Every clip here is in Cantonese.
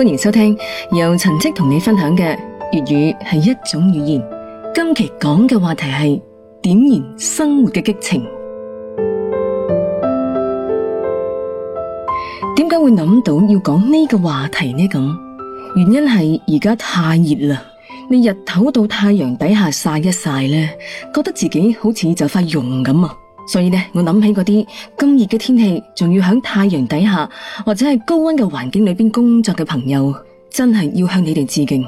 歡迎收聽，由陳戚同你分享嘅粵語係一種語言。今期講嘅話題係點燃生活嘅激情。點解會諗到要講呢個話題呢？咁原因係而家太熱啦，你日頭到太陽底下晒一晒呢，覺得自己好似就快融咁啊！所以呢，我諗起嗰啲咁熱嘅天氣，仲要喺太陽底下或者係高温嘅環境裏邊工作嘅朋友，真係要向你哋致敬。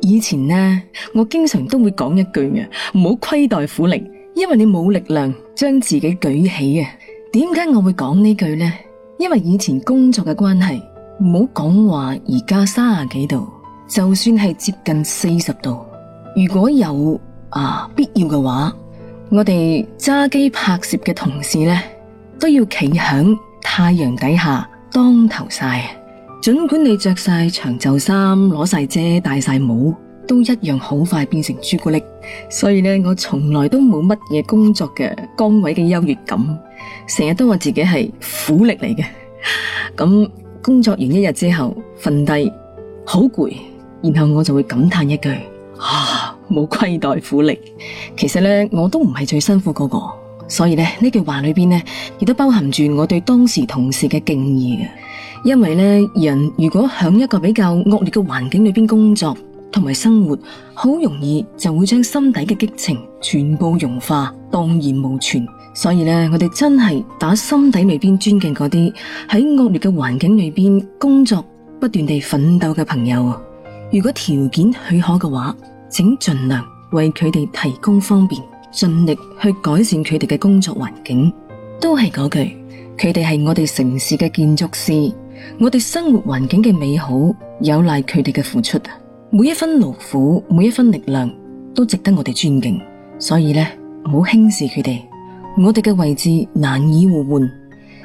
以前呢，我經常都會講一句嘅，唔好虧待苦力，因為你冇力量將自己舉起嘅。點解我會講呢句呢？因為以前工作嘅關係，唔好講話而家三十幾度，就算係接近四十度，如果有、啊、必要嘅話。.我哋揸機拍攝嘅同事呢，都要企響太陽底下當頭曬，儘管你着晒長袖衫、攞晒遮、戴晒帽，都一樣好快變成朱古力。所以呢，我從來都冇乜嘢工作嘅崗位嘅優越感，成日都話自己係苦力嚟嘅。咁工作完一日之後瞓低，好攰，然後我就會感嘆一句啊。冇虧待苦力，其實咧我都唔係最辛苦嗰個，所以咧呢句話裏邊呢，亦都包含住我對當時同事嘅敬意嘅。因為咧人如果響一個比較惡劣嘅環境裏邊工作同埋生活，好容易就會將心底嘅激情全部融化蕩然無存。所以咧我哋真係打心底裏邊尊敬嗰啲喺惡劣嘅環境裏邊工作，不斷地奮鬥嘅朋友。如果條件許可嘅話。請盡量為佢哋提供方便，盡力去改善佢哋嘅工作環境。都係嗰句，佢哋係我哋城市嘅建築師，我哋生活環境嘅美好有賴佢哋嘅付出。每一分勞苦，每一分力量，都值得我哋尊敬。所以呢，唔好輕視佢哋。我哋嘅位置難以互換，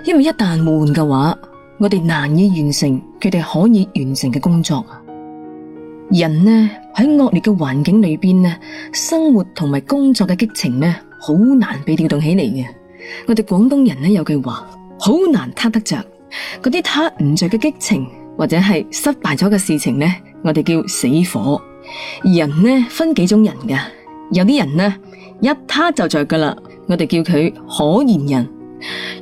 因為一旦互換嘅話，我哋難以完成佢哋可以完成嘅工作。人呢喺惡劣嘅環境裏邊呢，生活同埋工作嘅激情呢，好難被調動起嚟嘅。我哋廣東人呢有句話，好難撻得着。嗰啲撻唔着嘅激情或者係失敗咗嘅事情呢，我哋叫死火。人呢分幾種人嘅，有啲人呢一撻就着㗎喇，我哋叫佢可燃人；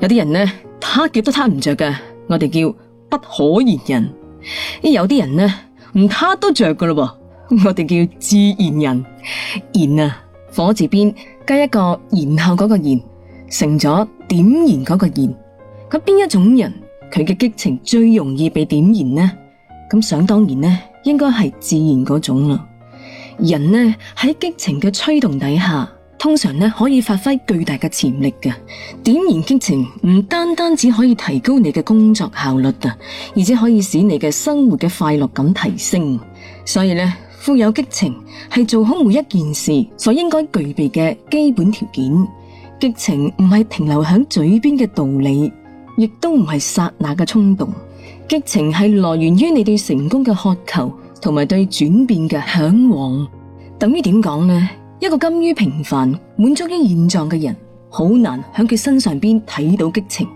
有啲人呢撻極都撻唔着嘅，我哋叫不可燃人。而有啲人呢。唔黑都着噶啦噃，我哋叫自然人。燃啊，火字邊加一個然後嗰個然，成咗點燃嗰個燃。咁邊一種人佢嘅激情最容易被點燃呢？咁想當然呢，應該係自然嗰種啦。人呢喺激情嘅推動底下。通常呢可以發揮巨大嘅潛力嘅。點燃激情唔單單只可以提高你嘅工作效率啊，而且可以使你嘅生活嘅快樂感提升。所以呢，富有激情係做好每一件事所應該具備嘅基本條件。激情唔係停留喺嘴邊嘅道理，亦都唔係剎那嘅衝動。激情係來源於你對成功嘅渴求同埋對轉變嘅向往。等於點講呢？一個甘於平凡、滿足於現狀嘅人，好難喺佢身上邊睇到激情。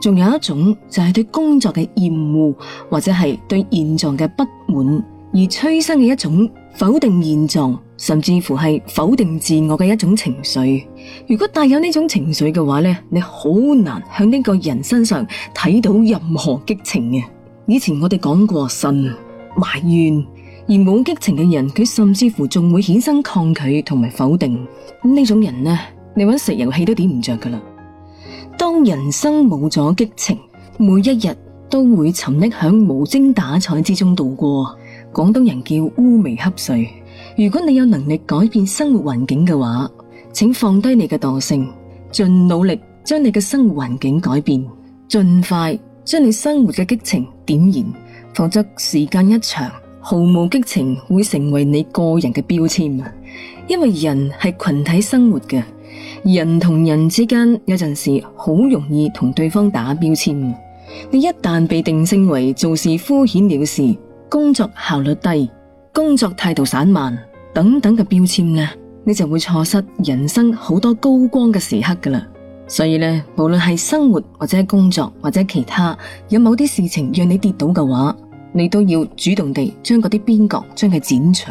仲有一種就係、是、對工作嘅厭惡，或者係對現狀嘅不滿而催生嘅一種否定現狀，甚至乎係否定自我嘅一種情緒。如果帶有呢種情緒嘅話呢，你好難向呢個人身上睇到任何激情嘅。以前我哋講過神，神埋怨。而冇激情嘅人，佢甚至乎仲會衍生抗拒同埋否定咁呢種人呢？你玩石油氣都點唔着噶啦。當人生冇咗激情，每一日都會沉溺響無精打采之中度過。廣東人叫烏眉瞌睡。如果你有能力改變生活環境嘅話，請放低你嘅惰性，盡努力將你嘅生活環境改變，盡快將你生活嘅激情點燃，否則時間一長。毫無激情會成為你個人嘅標籤。因為人係群體生活嘅，人同人之間有陣時好容易同對方打標籤。你一旦被定性為做事敷衍了事、工作效率低、工作態度散漫等等嘅標籤呢，你就會錯失人生好多高光嘅時刻㗎喇。所以呢，無論係生活或者工作或者其他，有某啲事情讓你跌倒嘅話，你都要主動地將嗰啲邊角將佢剪除。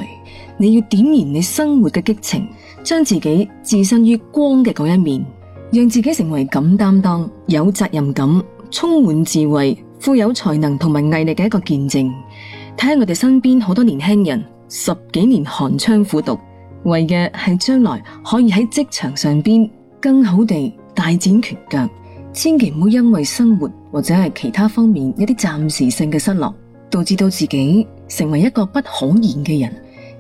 你要點燃你生活嘅激情，將自己置身於光嘅嗰一面，讓自己成為敢擔當、有責任感、充滿智慧、富有才能同埋毅力嘅一個見證。睇下我哋身邊好多年輕人，十幾年寒窗苦讀，為嘅係將來可以喺職場上邊更好地大展拳腳。千祈唔好因為生活或者係其他方面一啲暫時性嘅失落。導致到自己成為一個不可言嘅人，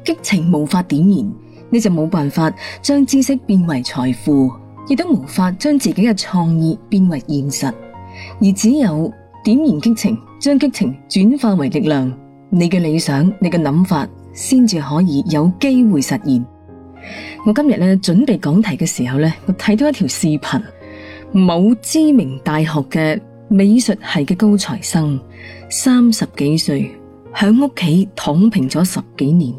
激情無法點燃，你就冇辦法將知識變為財富，亦都無法將自己嘅創意變為現實。而只有點燃激情，將激情轉化為力量，你嘅理想、你嘅諗法，先至可以有機會實現。我今日呢準備講題嘅時候呢，我睇到一條視頻，某知名大學嘅。美術系嘅高材生，三十幾歲，響屋企躺平咗十幾年。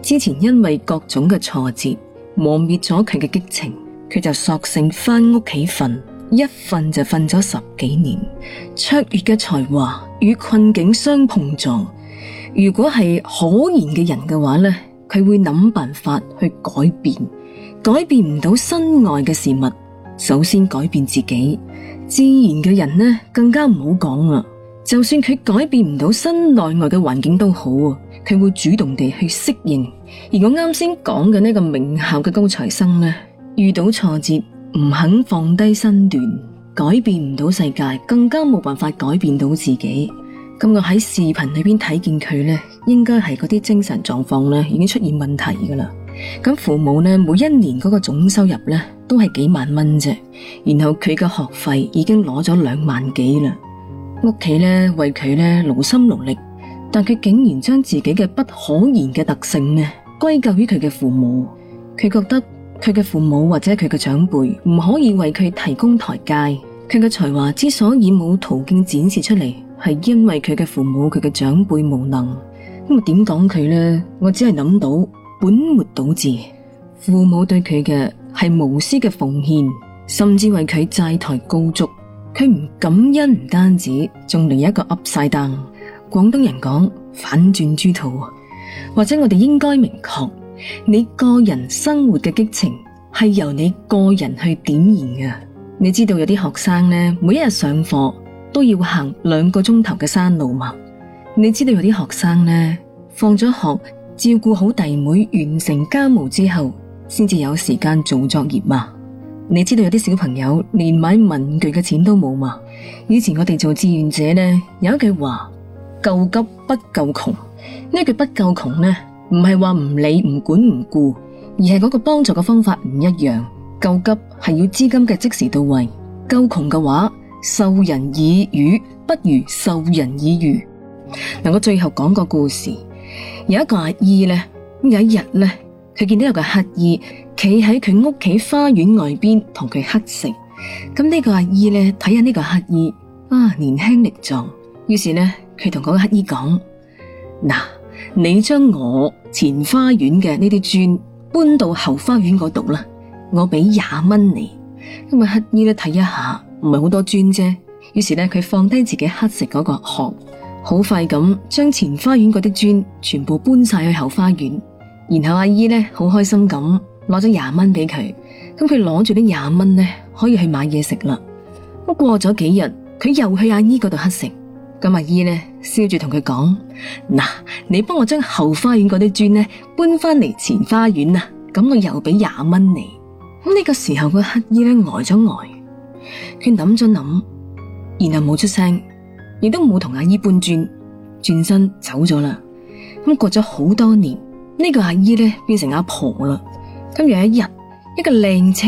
之前因為各種嘅挫折磨滅咗佢嘅激情，佢就索性返屋企瞓，一瞓就瞓咗十幾年。卓越嘅才華與困境相碰撞，如果係可言嘅人嘅話咧，佢會諗辦法去改變。改變唔到身外嘅事物，首先改變自己。自然嘅人呢，更加唔好講喇。就算佢改變唔到身內外嘅環境都好啊，佢會主動地去適應。而我啱先講嘅呢個名校嘅高材生呢，遇到挫折唔肯放低身段，改變唔到世界，更加冇辦法改變到自己，咁我喺視頻裏面睇見佢呢，應該係嗰啲精神狀況呢，已經出現問題㗎喇。咁父母呢，每一年嗰個總收入呢都係幾萬蚊啫，然後佢嘅學費已經攞咗兩萬幾啦，屋企呢為佢呢勞心勞力，但佢竟然將自己嘅不可言嘅特性呢歸咎於佢嘅父母，佢覺得佢嘅父母或者佢嘅長輩唔可以為佢提供台階，佢嘅才華之所以冇途徑展示出嚟，係因為佢嘅父母佢嘅長輩無能，咁啊點講佢呢？我只係諗到。本末倒置，父母對佢嘅係無私嘅奉獻，甚至為佢債台高築，佢唔感恩，唔單止，仲嚟一個 upside down。廣東人講反轉豬肚，或者我哋應該明確，你個人生活嘅激情係由你個人去點燃嘅。你知道有啲學生呢，每一日上課都要行兩個鐘頭嘅山路嘛？你知道有啲學生呢，放咗學，照顧好弟妹完成家務之後，先至有時間做作業嘛？你知道有啲小朋友連買文具嘅錢都冇嘛？以前我哋做志願者呢，有一句話：救急不救窮。呢句不救窮呢，唔係話唔理唔管唔顧，而係嗰個幫助嘅方法唔一樣。救急係要資金嘅即時到位，救窮嘅話，授人以魚不如授人以漁。嗱，我最後講個故事。有一個阿姨呢，有一日呢，佢見到有個乞丐企喺佢屋企花園外邊同佢乞食。咁呢個阿姨呢，睇下呢個乞丐啊，年輕力壯，於是呢，佢同嗰個乞丐講：嗱，你將我前花園嘅呢啲磚搬到後花園嗰度啦，我俾廿蚊你。咁啊乞丐咧睇一下，唔係好多磚啫。於是咧佢放低自己乞食嗰個殼。好快咁將前花園嗰啲磚全部搬晒去後花園，然後阿姨咧好開心咁攞咗廿蚊俾佢，咁佢攞住啲廿蚊咧可以去買嘢食啦。咁過咗幾日，佢又去阿姨嗰度乞食，咁阿姨咧笑住同佢講：嗱，你幫我將後花園嗰啲磚咧搬翻嚟前花園啊！咁我又俾廿蚊你。咁呢個時候個乞兒咧呆咗呆，佢諗咗諗，然後冇出聲。亦都冇同阿姨搬轉轉身走咗啦。咁過咗好多年，呢個阿姨呢變成阿婆啦。今日一日，一個靚車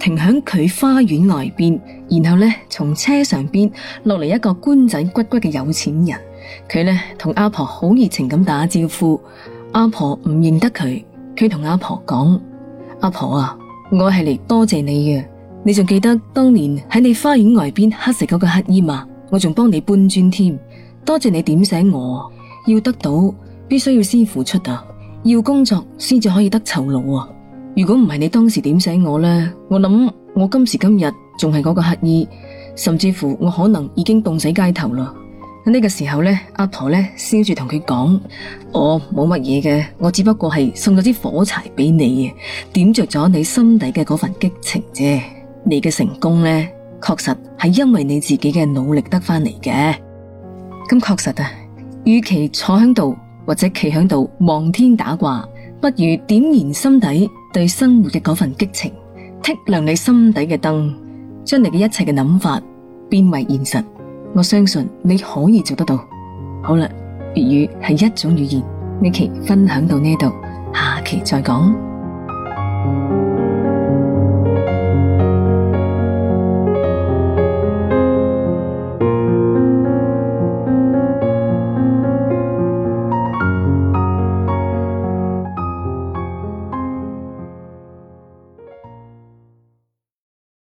停喺佢花園外邊，然後呢從車上面落嚟一個官仔骨骨嘅有錢人。佢呢同阿婆好熱情咁打招呼。阿婆唔認得佢，佢同阿婆講：阿婆啊，我係嚟多謝你嘅。你仲記得當年喺你花園外邊乞食嗰個乞衣嗎？我仲幫你搬磚添，多謝你點醒我，要得到必須要先付出啊！要工作先至可以得酬勞啊！如果唔係你當時點醒我咧，我諗我今時今日仲係嗰個乞兒，甚至乎我可能已經凍死街頭啦！喺、這、呢個時候咧，阿婆咧笑住同佢講，我冇乜嘢嘅，我只不過係送咗支火柴俾你嘅，點着咗你心底嘅嗰份激情啫。你嘅成功呢。確實係因為你自己嘅努力得翻嚟嘅，咁確實啊，與其坐喺度或者企喺度望天打卦，不如點燃心底對生活嘅嗰份激情，剔亮你心底嘅燈，將你嘅一切嘅諗法變為現實。我相信你可以做得到。好啦，粵語係一種語言，呢期分享到呢度，下期再講。